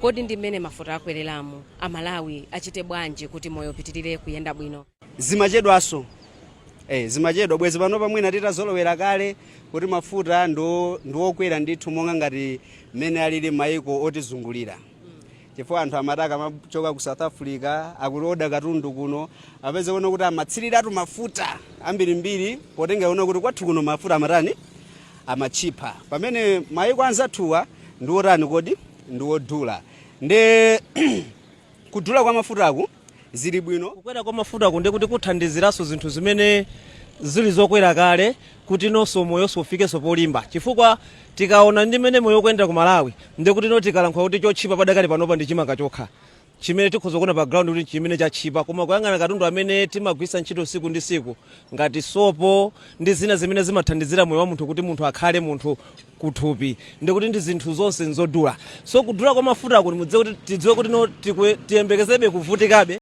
kodi ndi mmene mafuta akwereramu amalawi achite bwanji kuti moyo upitirire kuyenda bwino zimachedwanso eh, zimachedwa bwezi pano natita zolowera kale kuti mafuta ndiwokwera ndithu monga ngati mmene alili maiko otizungulira mm. chifukwa anthu amataka amachoka ku south africa akuti katundu kuno apeze kuno kuti amatsiriratu mafuta ambirimbiri potenga kuno kuti kwathu kuno mafuta amatani amachipa pamene maiko anzathuwa ndiotani kodi ndi wodula ndi kudula kwa mafutaku zili bwino kukwera kwa mafutaku ndi kuti kuthandiziraso zinthu zimene zili zokwera kale kuti nonso moyonso ufikenso polimba chifukwa tikaona ndimene moyo kuyendera ku malawi ndi kuti no tikalankha kuti chotchipa padakali panopa ndi chimanga chokha chimene tikhuzokona pa ground kuti chimene chachipa koma kuyang'ana katundu amene timagwisa ntchito siku ndi siku ngati sopo ndi zina zimene zimathandizira moyo wa munthu kuti munthu akhale munthu kuthupi ndikuti ndi zinthu zonse nzodula so kudula kwa kuti mudziwe kuti tidziwe kuti no tiyembekezebe kuvutikabe